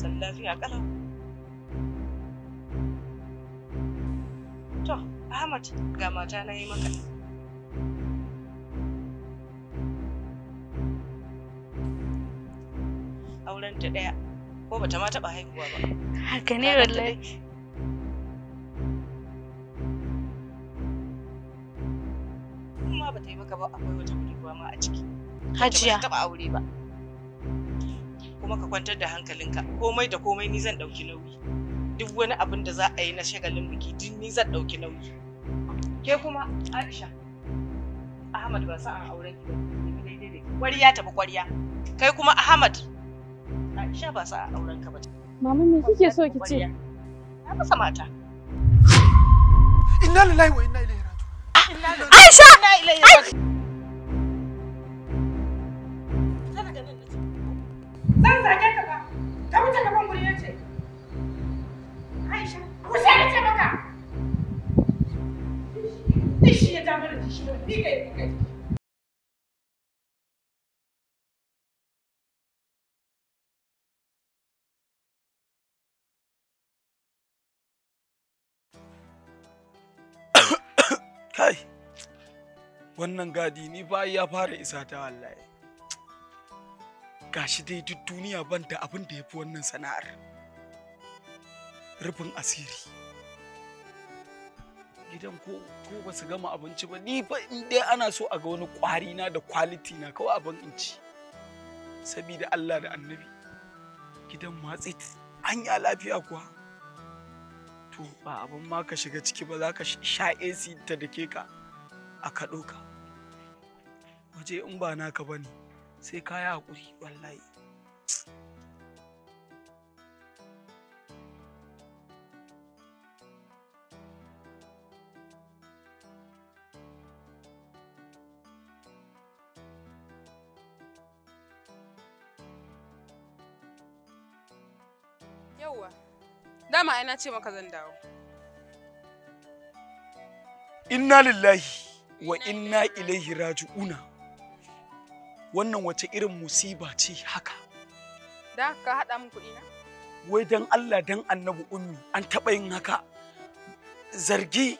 san lafiya ƙalau. to ahmad ga mata na yi maka auren ta ɗaya, ko bata ma taɓa haihuwa ba haka ne wallahi kuma bata yi maka ba akwai wata budurwa ma a ciki hajiya taɓa aure ba kuma ka kwantar da hankalinka komai da komai ni zan dauki nauyi duk wani abin da za a yi na shagalin biki duk ni zan dauki nauyi ke kuma aisha ahmad ba san an aure ki ba ni kwariya tafi kwariya kai kuma ahmad aisha ba sa'an auren ka ba mama me kike so ki ce na masa mata inna lillahi wa inna ilaihi raji'un aisha inna lillahi wa inna ilaihi raji'un wannan gadi ni ba ya fara isa ta wallahi gashi dai duk duniya banta abin da ya fi wannan sana'ar rufin asiri gidan ko ko ba su gama abinci ba ni fa in dai ana so a ga wani kwari na da quality na kawai abin in ci sabida Allah da annabi gidan matsi an ya lafiya kuwa to ba abin ma ka shiga ciki ba za ka sha AC ta dake ka a kaɗo ka waje in ba naka ba ne, sai ka yi hakuri wallahi Yauwa, dama ai na ce maka zan dawo. Inna lillahi wa inna ilaihi raji'una. wannan wace irin musiba ce haka da ka haɗa min kuɗi na wai dan Allah dan annabi ummi an taɓa yin haka zargi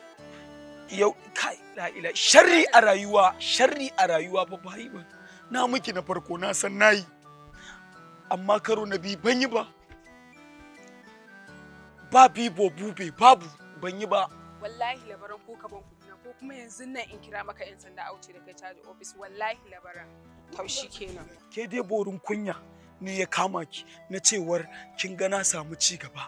yau kai la ila sharri a rayuwa sharri a rayuwa ba bai ba na miki na farko na san nayi amma karo na bi ban yi ba ba bi bo bube babu ban yi ba wallahi labaran ko ka ban kuɗi ko kuma yanzu nan in kira maka yan sanda a wuce da kai caji office wallahi labaran taushi kenan ke dai borin kunya ne ya kama ki na cewar kin ga na samu ci gaba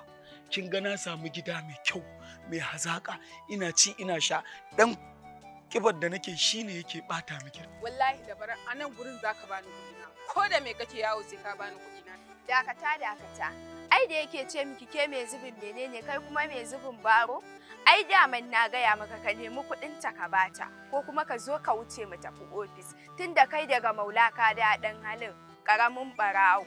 kin ga na samu gida mai kyau mai hazaka ina ci ina sha dan kibar da nake shine yake bata miki wallahi da bara anan gurin zaka bani kuɗi na ko da me kake yawo sai ka bani kuɗi na dakata dakata ai da yake ce miki ke mai zubin menene kai kuma mai zubin baro ai daman na gaya maka ka nemi ta ka bata ko kuma ka zo ka wuce mu tafi ofis tunda kai daga maula ka da ɗan halin ƙaramin barawo.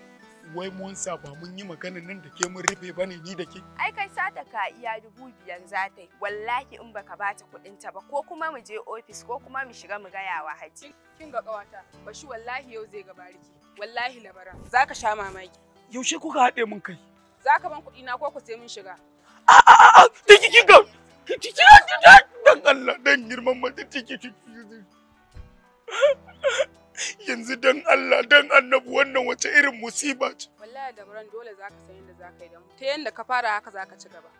Wai mun ba mun yi maganin nan da ke mun rufe ba ni da ke. Ai kai sata ka iya dubu biyar za ta yi wallahi in baka bata ta ba ko kuma mu je ofis ko kuma mu shiga mu gaya wa haji. Kin ga Ba bashi wallahi yau zai riki, wallahi labara za ka sha mamaki. Yaushe kuka haɗe mun kai? Za ka ban na ko ku sai mun shiga. A'a a'a a'a ki dan Allah dan girman mata ciki yanzu dan Allah dan annabi wannan wace irin musiba ce wallahi da buran dole zaka san yadda zaka yi da mu ta yanda ka fara haka zaka ci gaba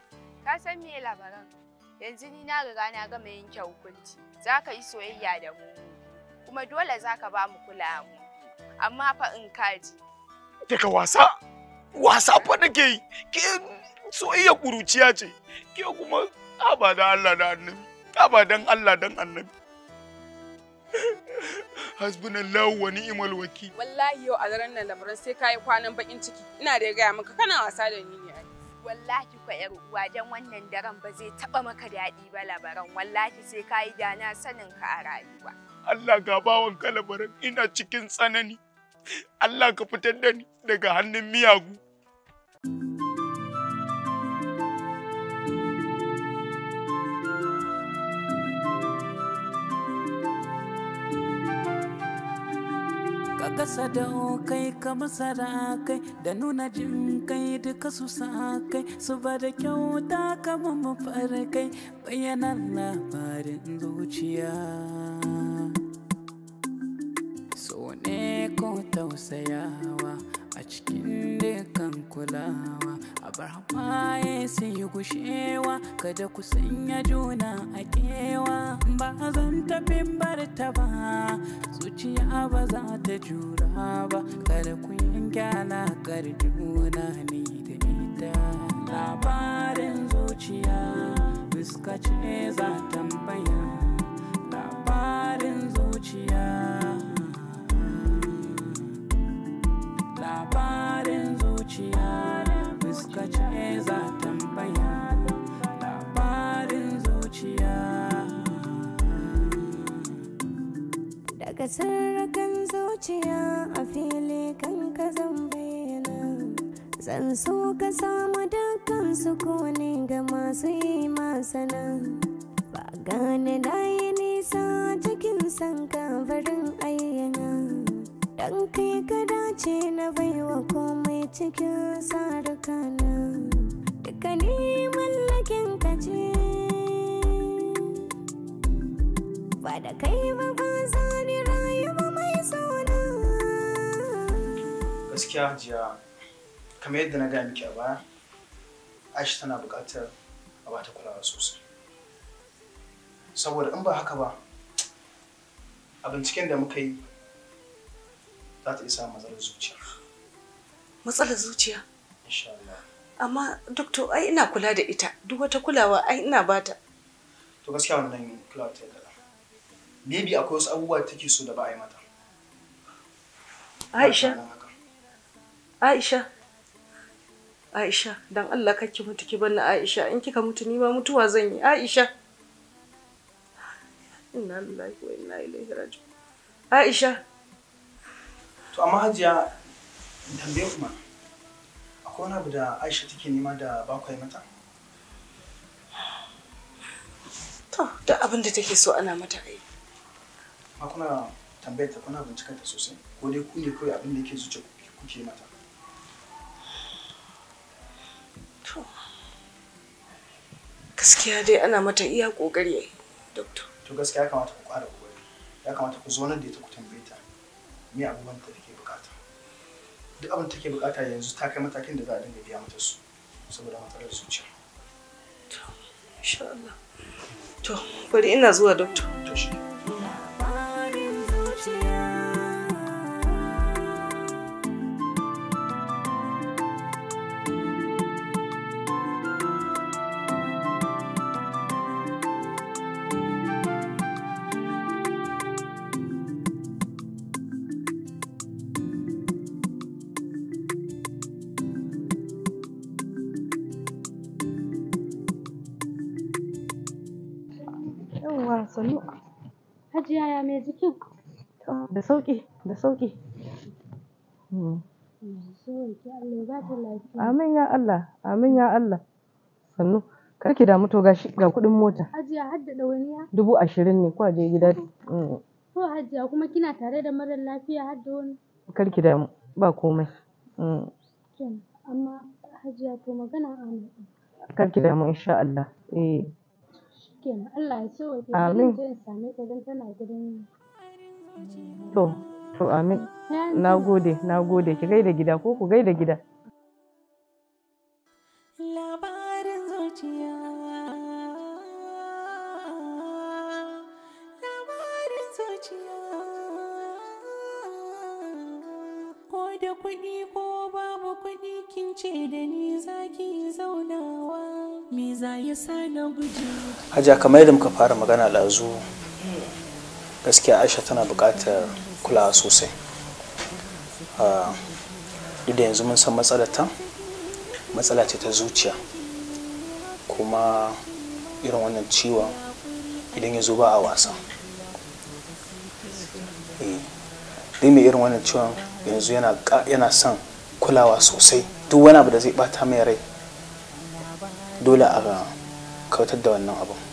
ka san me labaran yanzu ni na riga na gama yanke hukunci zaka yi soyayya da mu kuma dole zaka ba mu kula mu amma fa in kaji daga wasa wasa fa nake yi ke soyayya kuruciya ce ke kuma abadan Allah da annabi. abadan dan Allah dan annabi. Hasbunallahu wa ni'mal wakil. Wallahi yau a daren nan lamarin sai kai kwanan bakin ciki. Ina da gaya maka kana wasa da ni ne ai. Wallahi kwa yar uwa dan wannan daren ba zai taba maka daɗi ba labaran. Wallahi sai kai da na sanin ka a rayuwa. Allah ga ka kalabarin ina cikin tsanani. Allah ka fitar da ni daga hannun miyagu. kasa da kai ka masara kai da nuna jin kai duka su sa kai su ba da kyauta kama fara kai labarin zuciya so ne ko tausayawa a cikin dukan kulawa abarhama ya sai gushewa kada ku sanya juna a kewa ba zan tafi bar ba zuciya ba za ta jura ba kada ku yanke kar juna ni da ita labarin zuciya fuska ce za tambaya kan so ka samu dukkan ne ga masu yi masana ba gane dayi nisa cikin san kafarin ayyana dan kai ka dace na baiwa komai cikin sarukana duka ni mallakin ka ce ba da kai ba ba zani rayuwa mai sona gaskiya jiya kamar yadda na gaya miki a baya aisha tana buƙatar a bata kulawa sosai saboda in ba haka ba a binciken da muka yi za ta isa matsalar zuciya matsalar zuciya insha Allah amma doctor ai ina kula da ita duk wata kulawa ai ina bata to gaskiya wannan kulawa ta da maybe akwai wasu abubuwa da take so da ba a yi mata Aisha Aisha Aisha dan Allah kake mutu ki bani Aisha in kika mutu ni ma mutuwa zan yi Aisha Inna lillahi wa inna ilaihi raji. Aisha To amma Hajiya tambaye kuma akwai wani abu da Aisha take nema da ba ku mata To da abin da take so ana mata ai Ma kuna tambayar ta kuna bincika ta sosai ko dai ku ne kawai abin da yake zuciya kuke mata gaskiya dai ana mata iya ƙoƙari kokari doctor to gaskiya ya kamata ku ƙara kokari ya kamata ku zo nan da ita ku tambaye ta me abubuwan da take bukata duk abin da take bukata yanzu ta kai matakin da za a dinga biya mata su saboda matsalar zuciya to insha Allah to bari ina zuwa doctor to shi sauƙi. Hmm. Amin ya Allah, amin ya Allah. Sannu, kar ki damu to ga kuɗin mota. Hajiya har da ɗawainiya? Dubu ashirin ne, kwa je gida. Hmm. To hajiya kuma kina tare da marar lafiya har da wani? Kar ki damu, ba komai. Hmm. Amma hajiya to magana amin. Kar ki damu insha Allah. Eh. Allah ya ce wa ke. Amin. Zan same ta don tana gidan. To, To amin. Na gode, na gode, ki gaida gida ko ku gaida gida. Labarin zuciya. Labarin zuciya. Ko da kuɗi ko babu kuɗi kin ce da ni zaki zaunawa. Me za ya sa na guje? Haja kamar yadda muka fara magana lazu gaskiya Aisha tana buƙatar kulawa sosai ah, duk da yanzu mun san matsalar ta matsala ce ta zuciya kuma irin wannan ciwon idan ya zo ba a wasa eh, dai mai irin wannan ciwon yanzu yana son kulawa sosai duk wani abu da zai bata mai rai dole a kautar da wannan abin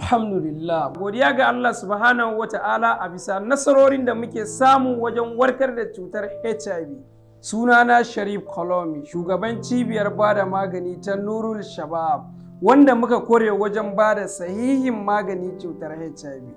Alhamdulillah. Godiya ga Allah subhanahu wa ta'ala a bisa nasarorin da muke samu wajen warkar da cutar HIV. Sunana Sharif Kolomi, shugaban cibiyar bada magani ta Nurul Shabab, wanda muka kore wajen bada sahihin magani cutar HIV.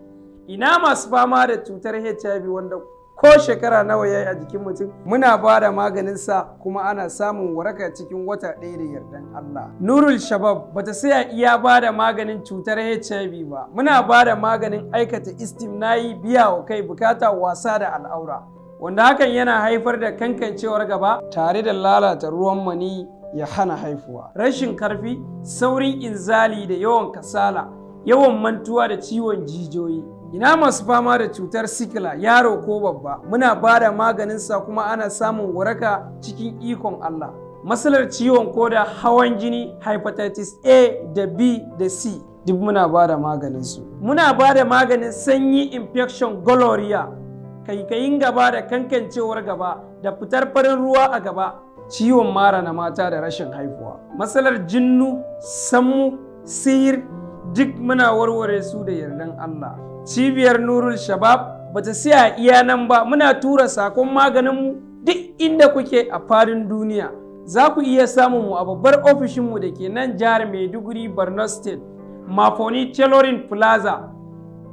Ina masu fama da cutar HIV wanda ko shekara nawa ya yi a jikin mutum muna ba da maganin sa kuma ana samun waraka cikin wata ɗaya da yardan Allah Nurul Shabab bata saya iya ba da maganin cutar HIV ba muna ba da maganin aikata istimnayi biya wa kai bukata wasa da al'aura wanda hakan yana haifar da kankancewar gaba tare da lalata ruwan mani ya hana haifuwa rashin karfi saurin inzali da yawan kasala yawan mantuwa da ciwon jijiyoyi ina masu fama da cutar sikila yaro ko babba muna ba da maganinsa kuma ana samun waraka cikin ikon Allah matsalar ciwon koda hawan jini hepatitis A da B da C duk muna ba da maganinsu muna ba da maganin sanyi infection gonorrhea kaikayin gaba da kankancewar gaba da fitar farin ruwa a gaba ciwon mara na mata da rashin haihuwa matsalar jinnu sammu sihir duk muna warware su da yardan Allah cibiyar nurul shabab ba ta siya iya nan ba muna tura sakon maganinmu duk inda kuke a fadin duniya za ku iya samun mu a babbar ofishinmu da ke nan jihar maiduguri borno state mafoni tailoring plaza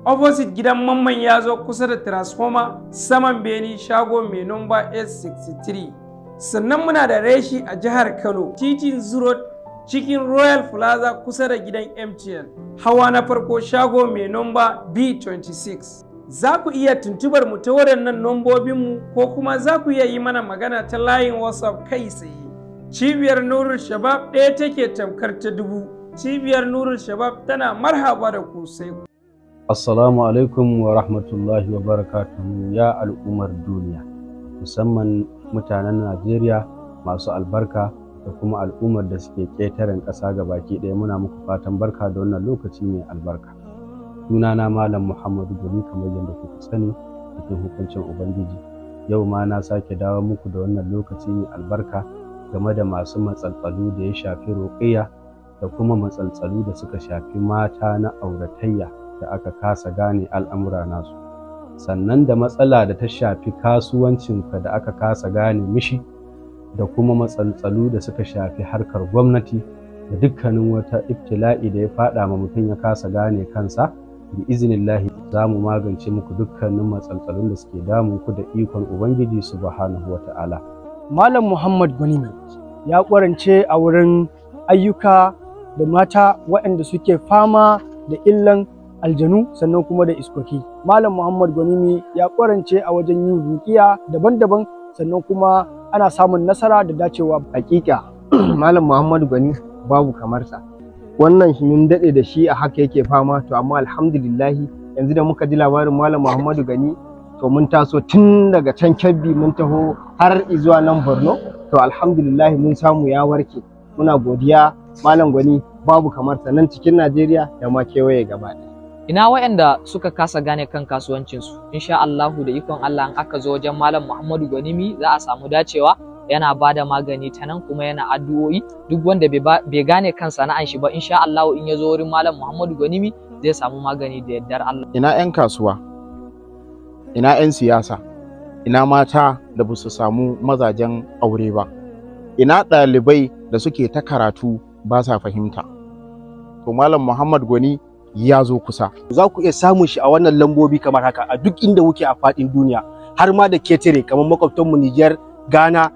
opposite gidan mamman ya zo kusa da transformer saman beni shago mai nomba s63 sannan muna da reshi a jihar kano titin zuro cikin royal plaza kusa da gidan mtn hawa na farko shago mai nomba b26 za ku iya tuntubar mu ta waɗannan nombobinmu ko kuma za ku iya yi mana magana ta layin whatsapp kai tsaye cibiyar nurul shabab ɗaya take tamkar ta dubu cibiyar nurul shabab tana marhaba da ku sai ku assalamu alaikum wa rahmatullahi wa barakatuhu ya al'ummar duniya musamman mutanen najeriya masu albarka da kuma al'ummar da suke ƙetaren ƙasa ga baki ɗaya muna muku fatan barka da wannan lokaci mai albarka sunana malam muhammadu gani kamar yadda kuka sani cikin hukuncin ubangiji yau ma na sake dawo muku da wannan lokaci mai albarka game da masu matsaltsalu da ya shafi roƙiya da kuma matsaltsalu da suka shafi mata na auratayya da aka kasa gane al'amura nasu sannan da matsala da ta shafi kasuwancinka da aka kasa gane mishi da kuma matsaltsalu da suka shafi harkar gwamnati da dukkanin wata ibtila'i da ya fada ma mutum ya kasa gane kansa bi iznillahi za mu magance muku dukkanin matsaltsalun da suke damun ku da ikon ubangiji subhanahu wata'ala malam muhammad gwanimi ya kwarance a wurin ayyuka da mata waɗanda suke fama da illan aljanu sannan kuma da iskoki malam muhammad gwanimi ya kwarance a wajen yin rukiya daban-daban sannan kuma ana samun nasara da dacewa hakika malam muhammadu gani babu kamarsa wannan mun daɗe da shi a haka yake fama to amma alhamdulillahi yanzu da muka ji labarin malam muhammadu gani to mun taso tun daga can kebbi mun taho har zuwa nan borno to alhamdulillahi mun samu ya warke muna godiya malam gwani babu kamar nan cikin najeriya da ma kewaye gaba ɗaya ina wayanda suka kasa gane kan kasuwancinsu insha Allahu da ikon Allah in aka zo wajen malam Muhammadu Gwanimi za a samu dacewa yana ba da magani ta nan kuma yana addu'o'i duk wanda bai gane kan sana'an shi ba insha Allah in ya zo wurin malam Muhammadu Gwanimi zai samu magani da yardar Allah ina yan kasuwa ina yan siyasa ina mata da ba su samu mazajen aure ba ina ɗalibai da suke ta karatu ba sa fahimta to malam Muhammad Gwani ya zo kusa. Za ku iya samun shi a wannan lambobi kamar haka a duk inda kuke a faɗin duniya har ma da ketare kamar makwabtanmu Nijar, Ghana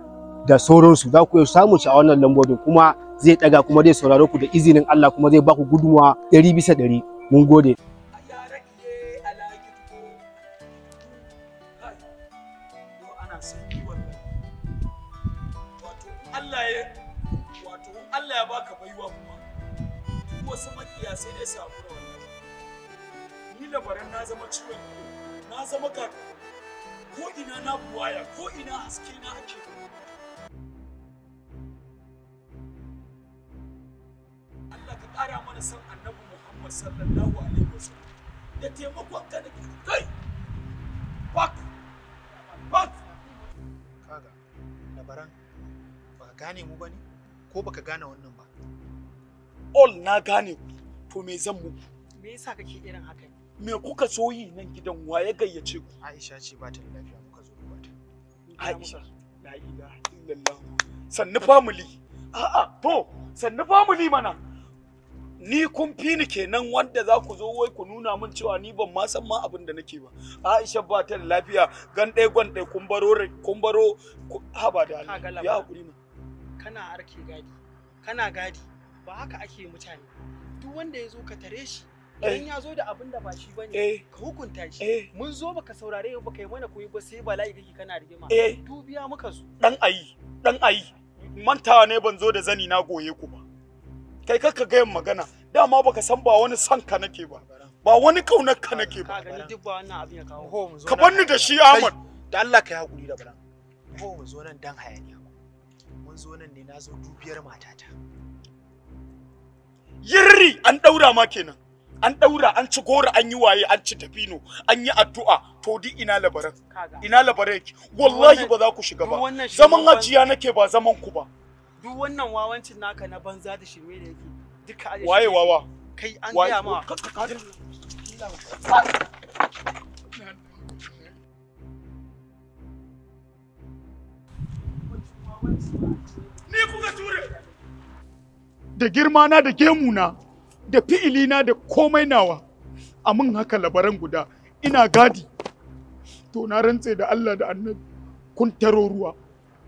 da sauransu za ku iya samun shi a wannan lambobin kuma zai ɗaga kuma zai sauraro ku da izinin Allah kuma zai baku gudunmawa ɗari bisa ɗari. Mun gode. Allah ya baka baiwa kuma wasu makiya da dai baran na zama ciwon ido na zama kaka ko ina na buwaya ko ina haske na ake Allah ka ƙara mana san annabi Muhammad sallallahu alaihi wasallam da taimakon ka da kai bak bak kaga labaran ba gane mu bane ko baka gane wannan ba all na gane to me zan muku me yasa kake irin haka me kuka so yi nan gidan wa ya gayyace ku Aisha ce ba ta da lafiya muka zo ba ta Aisha la ilaha illallah sannu family a'a to sannu family mana ni kun fi ni kenan wanda za ku zo wai ku nuna min cewa ni ban ma san ma abin da nake ba Aisha ba ta da lafiya gan ɗaya gwan ɗaya kun baro kun baro ha ba da ya hakuri mu kana arke gadi kana gadi ba haka ake mutane duk wanda ya zo ka tare shi Eh. idan ya zo da abin da ba shi bane eh. ka hukunta shi eh. mun zo baka saurare mu baka yi mana koyi ba sai bala'i kake kana rigima dubiya muka zo dan ayi dan ayi mantawa ne ban zo da zani na goye ku ba kai kaka gayan magana dama baka san ba wani san ka nake ba ba wani kaunar ka nake ba ka gani duk ba wannan abin ya kawo ka banni da shi Ahmad da Allah ka hakuri da bana ko mu zo nan dan hayaniya mun zo nan ne na zo dubiyar matata yirri an daura ma kenan an daura an ci gora an yi waye an ci tafino an yi addu'a to di ina labaran ina labaran yake wallahi ba za ku shiga ba zaman hajiya nake ba zaman ku ba duk wannan wawancin naka na banza da shi me da yake duka a waye wawa kai an gaya ma Ni kuka ture! Da girma na da gemu na. da fi'ilina da komai nawa a mun haka labaran guda ina gadi to na rantse da Allah da annabi kun taro ruwa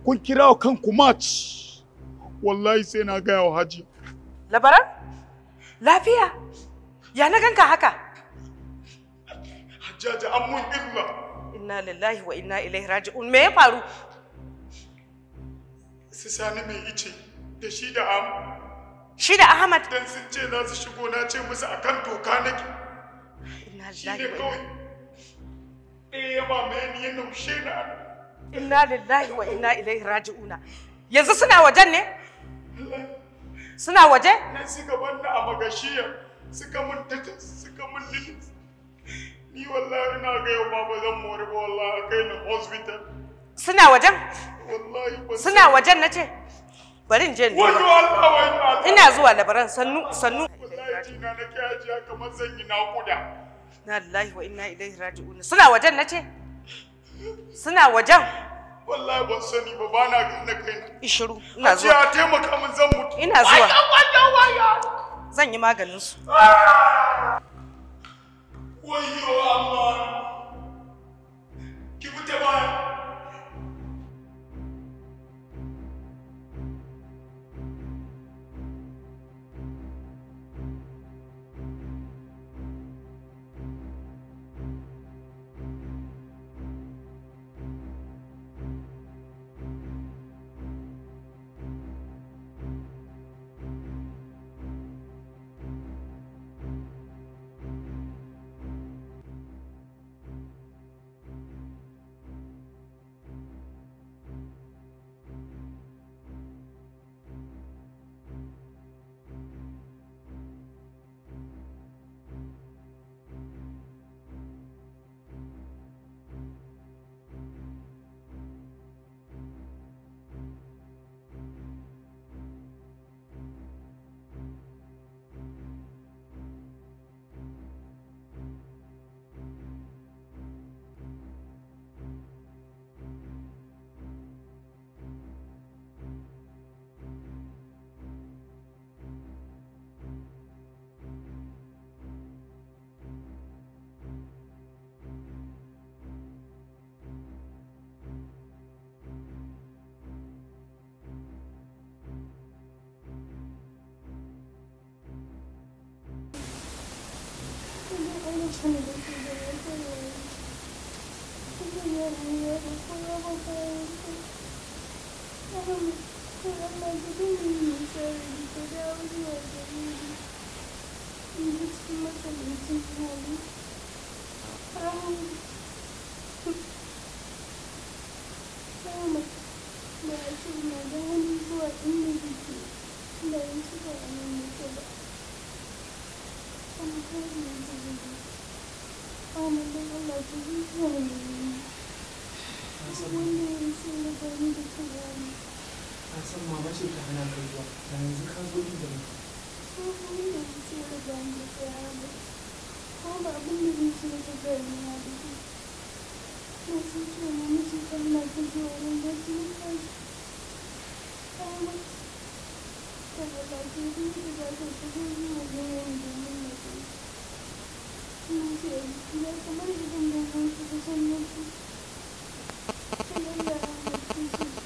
kun kira wa kanku march wallahi sai na gaya wa haji labaran lafiya ya na ganka haka hajjaja an mun illa inna lillahi wa inna ilaihi raji'un me ya faru sai sani mai ice da shi da am Shi da Ahmad. Dan sun ce za su shigo na ce musu akan doka nake. Inna lillahi Eh ba me ya mamaye ni ya naushe na. Inna lillahi wa inna ilaihi raji'una. Yanzu suna wajen ne? Suna waje? Nan suka banna a magashiya. Suka mun tata, suka mun lili. Ni wallahi na ga yau ma ba zan mori ba wallahi kai na hospital. Suna wajen? Wallahi ba. Suna wajen nace. ce? bari in je ina zuwa labaran sannu sannu na lallahi wa inna ilaihi raji'un suna wajen nace suna wajen wallahi ban sani ba ba na gane kaina ishiru ina zuwa a taimaka min zan mutu ina zuwa zan yi maganin su ah! wayyo amma ki fita ba 你的世界没有我，你永远也不会后悔。那么，为什么不对你有事儿？你到底还是有事儿？你都他妈什么亲戚？妈的！啊！那么，买什么？那么你做内幕的，你到底知道我们没做吧？那么，他为什么？san mama ce ta hana ne ba abin da zai ci da ta na da shi na san cewa mama ce ta da ta yi kai ta hana ta hana ta hana ta hana ta comment Thank you.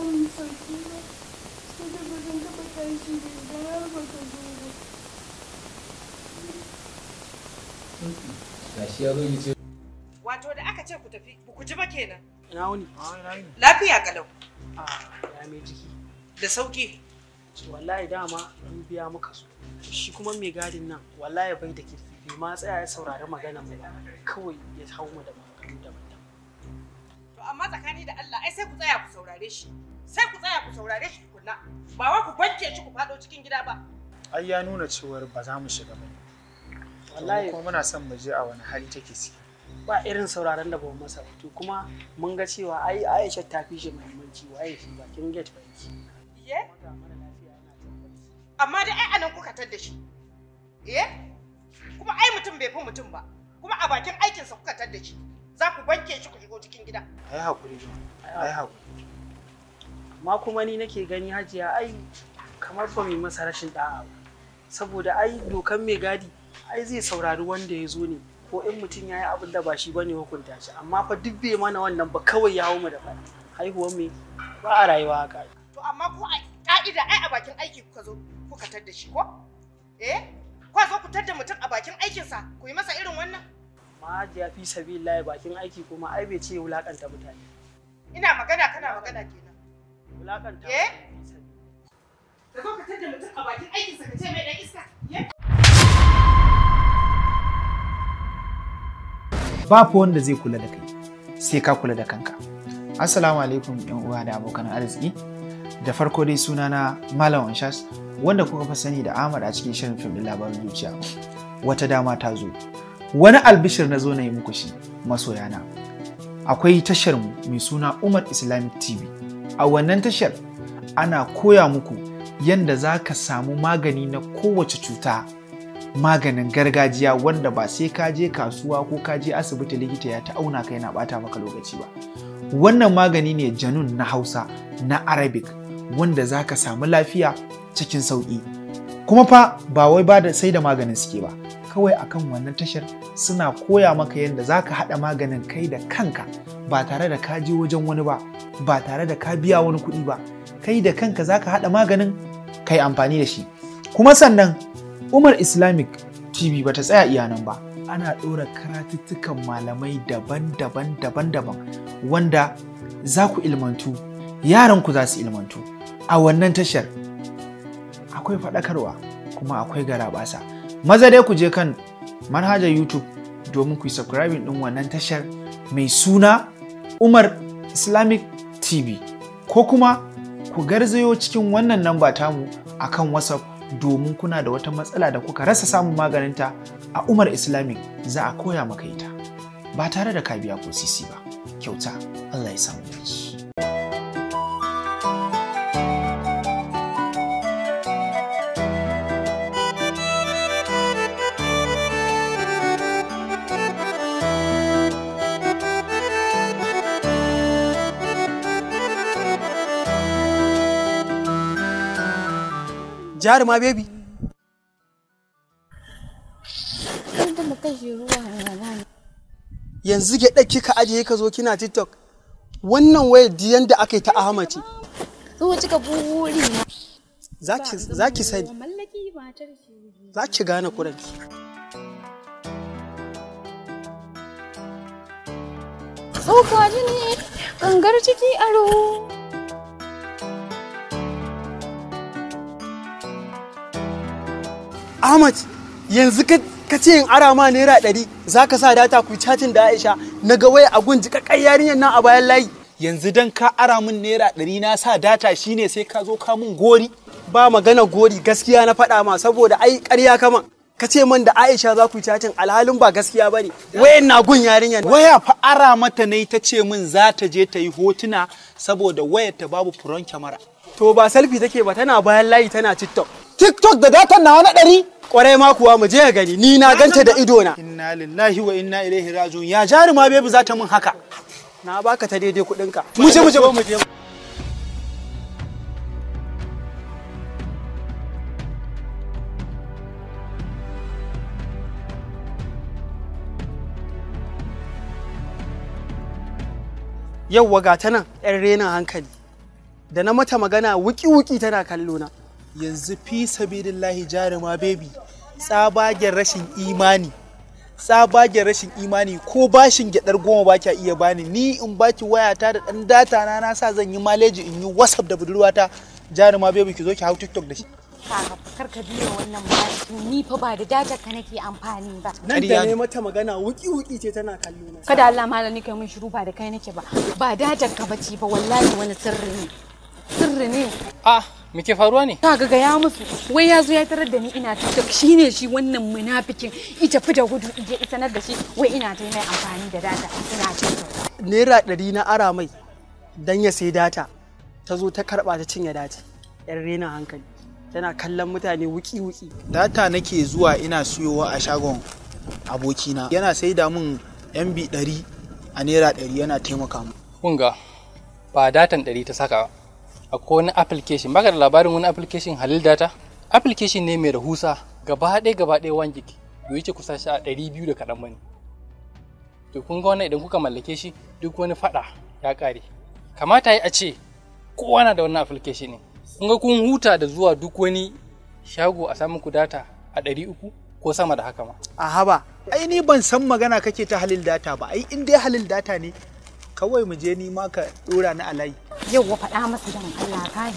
samun sauki ba sai da ba zan taɓa tashi da idan har Gashi ya zo yi ce. Wato da aka ce ku tafi, ku ji ba kenan. Ina wuni. Lafiya kalau. A ya mai jiki. Da sauki. Wallahi dama an biya muka so. Shi kuma mai gadin nan wallahi bai da kirki bai ma tsaya ya saurari maganar mu kawai ya hau mu da maganganu daban-daban. To amma tsakani da Allah ai sai ku tsaya ku saurare shi. sai ku tsaya ku saurare shi tukunna ba wa ku banke shi ku faɗo cikin gida ba ai ya nuna cewar ba za mu shiga ba wallahi kuma muna son mu je a wani hali take ciki ba irin sauraron da ba mu masa to kuma mun ga cewa ai Aisha ta fi shi muhimmanci waye shi bakin gate ba yake ye amma dai ai anan kuka tar da shi ye kuma ai mutum bai fi mutum ba kuma a bakin aikinsa kuka tar da shi za ku banke shi ku shigo cikin gida ai hakuri ai hakuri amma kuma ni nake gani hajiya ai kamar fa mai masa rashin da'a ba saboda ai dokan mai gadi ai zai saurari wanda ya zo ne ko in mutum ya yi abin da ba shi bane hukunta shi amma fa duk bai mana wannan ba kawai ya mu da fara haihuwar mai ba a rayuwa haka to amma ko a ka'ida ai a bakin aiki kuka zo kuka tadda shi ko eh kuka zo ku tadda mutum a bakin aikinsa ku yi masa irin wannan ma hajiya fi sabilillahi bakin aiki kuma ai bai ce wulakanta mutane ina magana kana magana kenan Eh? Ba wanda zai kula da kai sai ka kula da kanka. Assalamu alaikum yan uwa da abokan arziki. Da farko dai sunana Malam Shas, wanda kuka fa sani da Ahmad a cikin shirin fim din labarin zuciya. Wata dama ta zo. Wani albishir na zo na yi muku shi masoyana. Akwai tashar mu mai suna Umar Islamic TV. A wannan tashar ana koya muku yadda za ka samu magani na kowace cuta. Maganin gargajiya wanda ba sai ka je kasuwa ko ka je asibiti likita ya ta auna ka yana bata maka lokaci ba. Wannan magani ne janun na Hausa na Arabic wanda za ka samu lafiya cikin sauƙi. Kuma fa ba wai ba da sai da maganin suke ba, kawai akan wannan tashar suna koya maka yadda za ka haɗa maganin kai da kanka ba tare da ka je wajen wani ba ba tare da ka biya wani kuɗi ba kai da kanka za ka haɗa maganin ka yi amfani da shi kuma sannan umar islamic tv ba ta tsaya iyanan ba ana ɗora karatuttukan malamai daban-daban daban-daban wanda za ku ilmantu yaranku za su ilmantu a wannan tashar akwai faɗakarwa kuma akwai garaɓasa maza dai ku je kan manhajar youtube domin ku yi subscribing ɗin wannan tashar mai suna Umar Islamic TV ko kuma ku garzayo cikin wannan namba tamu a kan WhatsApp domin kuna da wata matsala da kuka rasa samun maganinta a Umar Islamic za a koya maka ita ba tare da ka biya ko sisi ba kyauta Allah ya samu dace ma baby yanzu ke ɗaki ka ajiye ka zo kina tiktok wannan waya diyan da aka yi ta ahama ce za ki sani za ki gane kuranki ne jini gangar ciki aro Ahmad yanzu ka ce in ara ma naira ɗari za ka sa data ku cacin da Aisha na ga waya a gun jikakkar yarinyar nan a bayan layi. Yanzu dan ka ara mun naira ɗari na sa data shine sai ka zo ka mun gori. Ba magana gori gaskiya na faɗa ma saboda ai ƙarya kama. Ka ce man da Aisha za ku cacin alhalin ba gaskiya ba ne. Wayan na gun yarinyar. Waya fa ara mata ne ta ce min za ta je ta yi hotuna saboda wayar ta babu furon kyamara. To ba selfie take ba tana bayan layi tana TikTok. tiktok da datan nawa na ɗari kwarai ma kuwa mu je gani ni na ganta da ido na inna lillahi wa inna ilaihi rajiun ya jaruma bebi za ta min haka na baka ta daidai kuɗinka mu je mu je mu je yauwa ga 'yan rena hankali da na mata magana wuki-wuki tana kallo na yanzu fi sabidillahi jarima bebi tsabagen rashin imani tsabagen rashin imani ko bashin gyadar goma ba kya iya bani ni in baki wayata da dan data na na sa zan yi maleji in yi whatsapp da budurwata jarima bebi ki zo ki hau tiktok da shi kar ka biyo wannan bashi ni fa ba da data ka nake amfani ba nan da ne mata magana wuki wuki ce tana kallo na kada Allah malami kai mun shiru ba da kai nake ba ba data ka bace ba wallahi wani sirri ne sirri ne ah Me faruwa ne? Ka ga ya musu. Wai ya zo ya tarar da ni ina shi shine shi wannan munafikin ita fi da gudu ije ita sanar da shi wai ina ta mai amfani da data ina TikTok. Naira ɗari na ara mai dan ya sai data ta zo ta karba ta cinye data. Yan rena hankali. Tana kallon mutane wuki-wuki. Data nake zuwa ina siyowa a shagon abokina. Yana sai da mun MB ɗari a naira ɗari yana taimaka mu. ga ba datan ɗari ta saka ba. akwai wani application baka da labarin wani application halil data application ne mai rahusa gaba ɗaya gaba ɗaya wan gig kusa a ɗari biyu da kaɗan bane to kun ga wannan idan kuka mallake shi duk wani faɗa ya ƙare kamata yi a ce kowa na da wannan application ne kun ga kun huta da zuwa duk wani shago a samun ku data a ɗari uku ko sama da haka ma. A haba, ai ni ban san magana kake ta halil data ba, ai in dai halil data ne kawai mu je ni ma ka dora ni alai yau wa faɗa masa dan Allah kai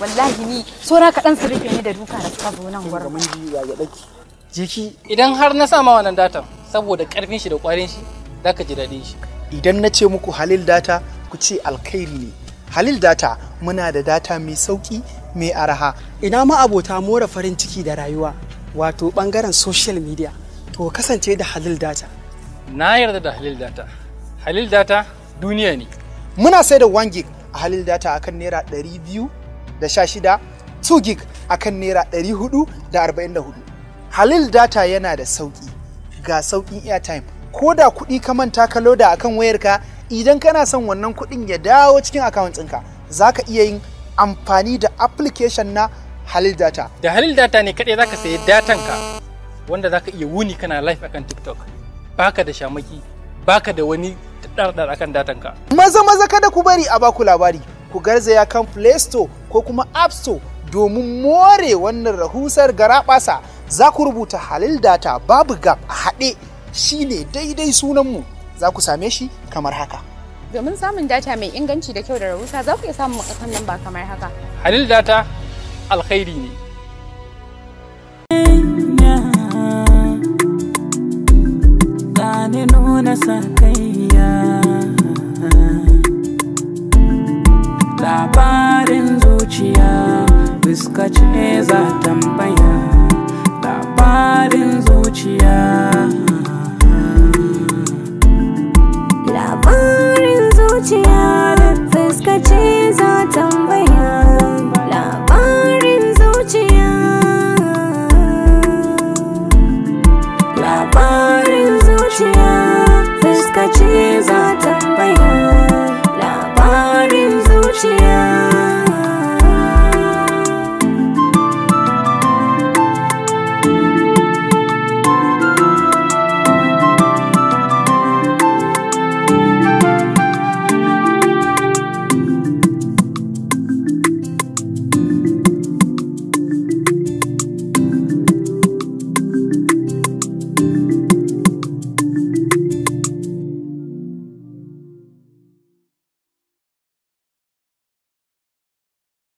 wallahi ni sora ka dan rufe ni da duka da suka zo nan gurin mun ji ya daki jiki idan har na sa ma wannan datan saboda karfin shi da kwarin shi ka ji dadi shi idan na ce muku halil data ku ce alkhairi ne halil data muna da data mai sauki mai araha ina ma abota more farin ciki da rayuwa wato bangaren social media to kasance da halil data na yarda da halil data halil data duniya ne muna sai da 1 gig a halin data akan naira 216 2 gig akan naira 444 halil data yana da sauki ga saukin airtime ko da kuɗi ka manta ka loda akan wayarka idan kana son wannan kuɗin ya dawo cikin account za ka iya yin amfani da application na halil data da halil data ne kaɗai za ka sayi datanka wanda za ka iya wuni kana live akan tiktok baka da shamaki baka da wani ɗarɗar akan ka. Maza maza kada ku bari a baku labari, ku garzaya kan Play Store ko kuma App Store domin more wannan rahusar garaɓasa za ku rubuta Halil Data babu gap a haɗe shi ne daidai sunanmu za ku same shi kamar haka. Domin samun data mai inganci da kyau da rahusa za ku iya samun akan nan ba kamar haka. Halil Data alkhairi ne. Gane nuna sa zuciya labarin zuciya fuskace za tambaya